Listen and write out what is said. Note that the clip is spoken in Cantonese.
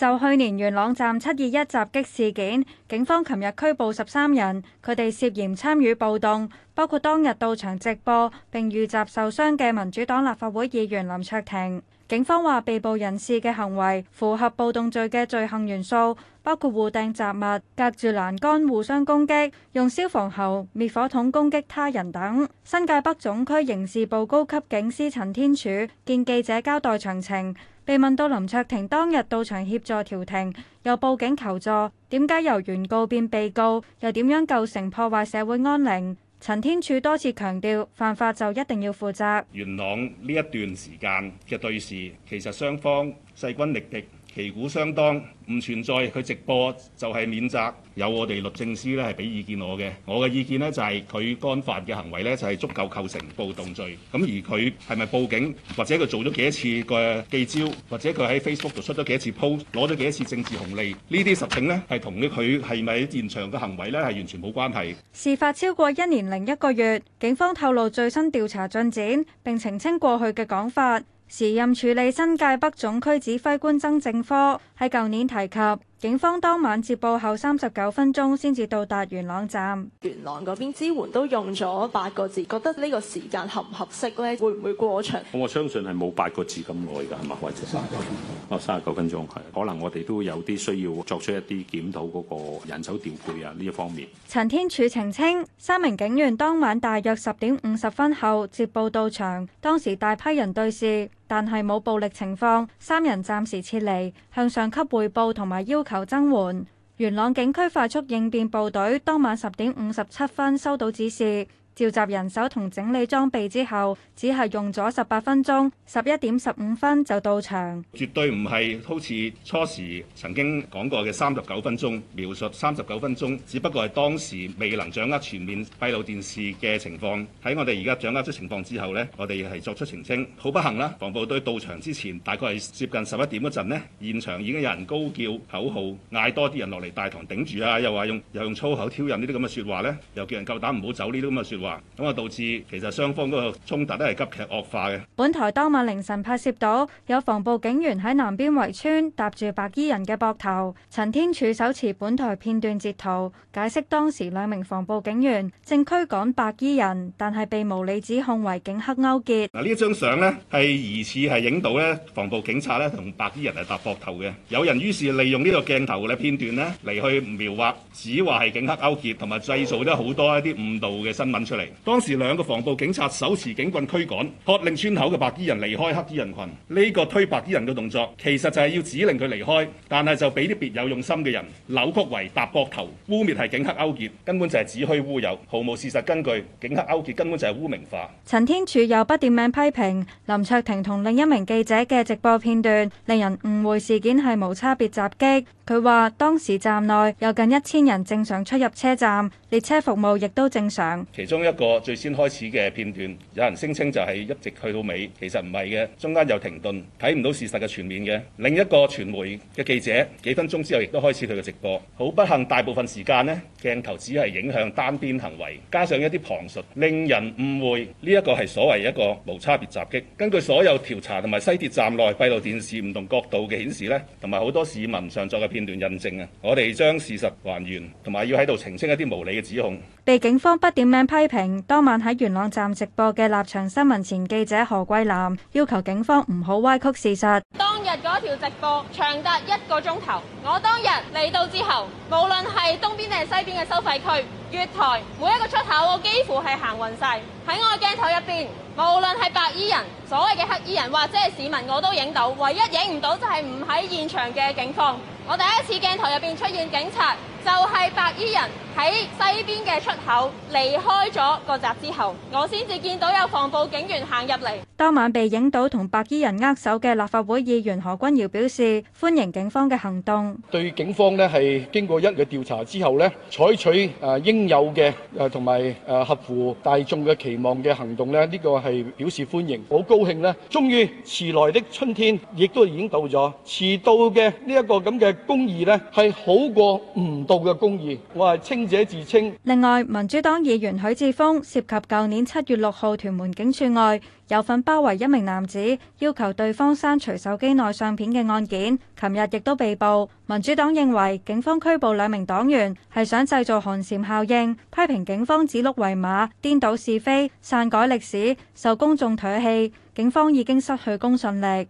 就去年元朗站七二一襲擊事件，警方琴日拘捕十三人，佢哋涉嫌參與暴動，包括當日到場直播並遇襲受傷嘅民主黨立法會議員林卓廷。警方話，被捕人士嘅行為符合暴動罪嘅罪行元素，包括互掟雜物、隔住欄杆互相攻擊、用消防喉、滅火筒攻擊他人等。新界北總區刑事部高級警司陳天柱見記者交代詳情，被問到林卓廷當日到場協助調停，又報警求助，點解由原告變被告，又點樣構成破壞社會安寧？陳天柱多次強調，犯法就一定要負責。元朗呢一段時間嘅對峙，其實雙方勢均力敵。旗鼓相當，唔存在佢直播就係免責，有我哋律政司咧係俾意見我嘅。我嘅意見呢就係、是、佢干犯嘅行為呢就係足夠構成暴動罪。咁而佢係咪報警或者佢做咗幾多次嘅記招，或者佢喺 Facebook 度出咗幾多次 post，攞咗幾多次政治紅利？呢啲實證呢係同佢係咪喺現場嘅行為呢係完全冇關係。事發超過一年零一個月，警方透露最新調查進展並澄清過去嘅講法。時任處理新界北總區指揮官曾正科喺舊年提及，警方當晚接報後三十九分鐘先至到達元朗站。元朗嗰邊支援都用咗八個字，覺得呢個時間合唔合適呢？會唔會過長？我相信係冇八個字咁耐㗎，係嘛？或者三十九哦，三十九分鐘係可能我哋都有啲需要作出一啲檢討嗰個人手調配啊呢一方面。陳天柱澄清，清，三名警員當晚大約十點五十分後接報到場，當時大批人對峙。但係冇暴力情況，三人暫時撤離，向上級匯報同埋要求增援。元朗警區快速應變部隊當晚十點五十七分收到指示。召集人手同整理裝備之後，只係用咗十八分鐘，十一點十五分就到場。絕對唔係好似初時曾經講過嘅三十九分鐘描述，三十九分鐘只不過係當時未能掌握全面閉路電視嘅情況。喺我哋而家掌握咗情況之後呢，我哋係作出澄清。好不幸啦，防暴隊到場之前，大概係接近十一點嗰陣呢，現場已經有人高叫口號，嗌多啲人落嚟大堂頂住啊，又話用又用粗口挑釁呢啲咁嘅説話呢，又叫人夠膽唔好走呢啲咁嘅説。咁啊，導致其實雙方嗰個衝突都係急劇惡化嘅。本台當晚凌晨拍攝到有防暴警員喺南邊圍村搭住白衣人嘅膊頭。陳天柱手持本台片段截圖，解釋當時兩名防暴警員正驅趕白衣人，但係被無理指控為警黑勾結。嗱，呢一張相咧係疑似係影到咧防暴警察咧同白衣人嚟搭膊頭嘅。有人於是利用呢個鏡頭咧片段咧嚟去描畫只話係警黑勾結同埋製造咗好多一啲誤導嘅新聞。出嚟，當時兩個防暴警察手持警棍驅趕，喝令村口嘅白衣人離開黑衣人群。呢個推白衣人嘅動作，其實就係要指令佢離開，但係就俾啲別有用心嘅人扭曲為搭膊頭，污蔑係警黑勾結，根本就係子虛烏有，毫無事實根據。警黑勾結根本就係污名化。陳天柱又不點名批評林卓廷同另一名記者嘅直播片段，令人誤會事件係無差別襲擊。佢話當時站內有近一千人正常出入車站，列車服務亦都正常。其中一個最先開始嘅片段，有人聲稱就係一直去到尾，其實唔係嘅，中間有停頓，睇唔到事實嘅全面嘅。另一個傳媒嘅記者幾分鐘之後亦都開始佢嘅直播，好不幸大部分時間呢鏡頭只係影向單邊行為，加上一啲旁述，令人誤會呢一個係所謂一個無差別襲擊。根據所有調查同埋西鐵站內閉路電視唔同角度嘅顯示呢同埋好多市民上載嘅片段印證啊，我哋將事實還原，同埋要喺度澄清一啲無理嘅指控。被警方不點名批。當晚喺元朗站直播嘅立場新聞前記者何桂藍要求警方唔好歪曲事實。當日嗰條直播長達一個鐘頭，我當日嚟到之後，無論係東邊定係西邊嘅收費區、月台每一個出口，我幾乎係行勻晒。喺我鏡頭入邊，無論係白衣人、所謂嘅黑衣人或者係市民，我都影到，唯一影唔到就係唔喺現場嘅警方。我第一次鏡頭入邊出現警察，就係白衣人喺西邊嘅出口離開咗個閘之後,我先至見到有防暴警員行入嚟。道嘅公義，我係清者自清。另外，民主黨議員許智峰涉及舊年七月六號屯門警署外有份包圍一名男子，要求對方刪除手機內相片嘅案件，琴日亦都被捕。民主黨認為警方拘捕兩名黨員係想製造寒蟬效應，批評警方指鹿為馬、顛倒是非、篡改歷史，受公眾唾棄。警方已經失去公信力。